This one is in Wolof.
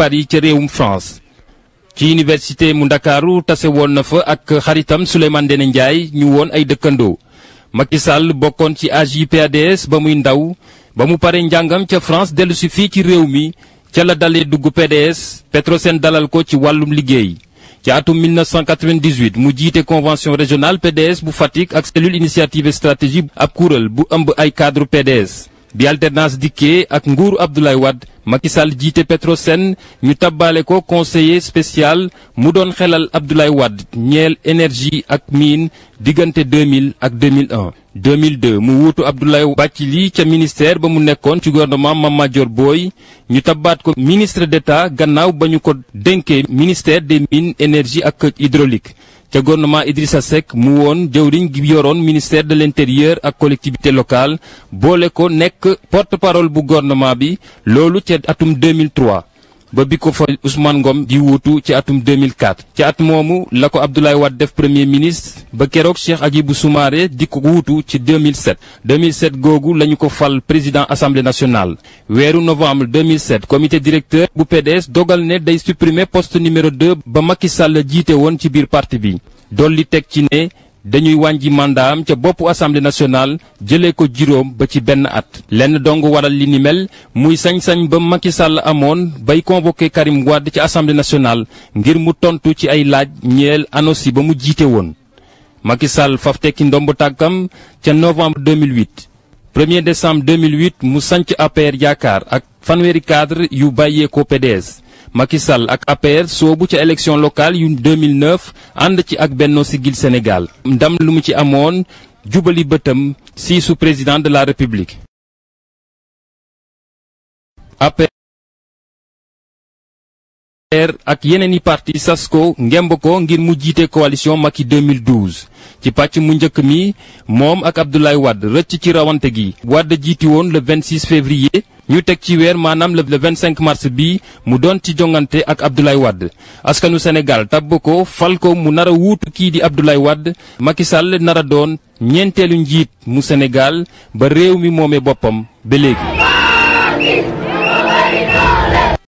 Paris ca réewum France ci université mu ndakaaru tase woon na fa ak xaritam Souleymane Ndéné Ndiaye ñu woon ay dëkkandoo Macky Sall bokkoon ci AJ/PADS ba muy ndaw ba mu pare njàngam ca France dellu si fii ci réew mi ca la dalee dugg PDS Petrosen dalal ko ci wàllum liggéey ci atum 1998 mu jiite convention régional PDS bu Fatick ak cellule initiative stratégie ab kuréel bu ëmb ay cadre PDS bi alternance dikkee ak nguuru Abdoulaye Wade Macky Sall jiite Petrosen ñu tabbaale ko conseiller spécial mu doon xelal Abdoulaye Wade ñeel énergie ak mine diggante 2000 ak 2001. 2002 mu wuutu Abdoulaye Bathily ca ministère ba mu nekkoon ci gouvernement Mame major booy ñu tabbaat ko ministre d'État gannaaw ba ñu ko dénkee ministère des mines énergie ak hydrolique ca gouvernement Idrissa Seck mu woon jëwriñ gi yoroon ministère de l'intérieur ak collectivité locale boole ko nekk porte-parole bu gouvernement bi loolu ca atum 2003 ba bi ko fa Ousmane Ngom di wuutu ci atum 2004 ci at moomu la ko Abdoulaye Wade def premier ministre ba keroog Cheikh bu Soumaré di ko wuutu ci 2007 2007 googu lañu ko fal président assemblée nationale weeru novembre 2007 comité directeur bu PDS dogal ne day supprimer poste numéro 2 ba Macky Sall jiite woon ci biir parti bi dolli teg ci ne dañuy wàññi mandat am ca boppu assemblée nationale jëlee ko juróom ba ci benn at. lenn dong waral li ni mel muy sañ-sañ ba Macky Sall amoon bay convoqué Karim Wade ci assemblée nationale ngir mu tontu ci ay laaj ñeel ANOCI ba mu jiite woon. Macky Sall faf tekki ndomb tàkkam ca novembre 2008 1er décembre 2008 mu sanc APR yaakaar ak fanweeri cadre yu bàyyeekoo PDS. Macky Sall ak APR soobu ca élection locale yu 2009 ànd ci ak Benno Siggil Sénégal ndam lu mu ci amoon jubali bëtam si président de la République. ak yeneen i parti sas ko ngemb ko ngir mu jiite coalition Macky 2012 ci pàcc mu njëkk mi moom ak Abdoulaye Wade rëcc ci rawante gi Wade jiiti woon le 26 février. ñu teg ci weer maanaam le 25 mars bi mu doon ci jongante ak Abdoulaye Wade askanu Sénégal tabb ko fal ko mu nar a wuutu kii di Abdoulaye Wade Macky Sall nar a doon ñeenteelu njiit mu Sénégal ba réew mi moomee boppam ba léegi.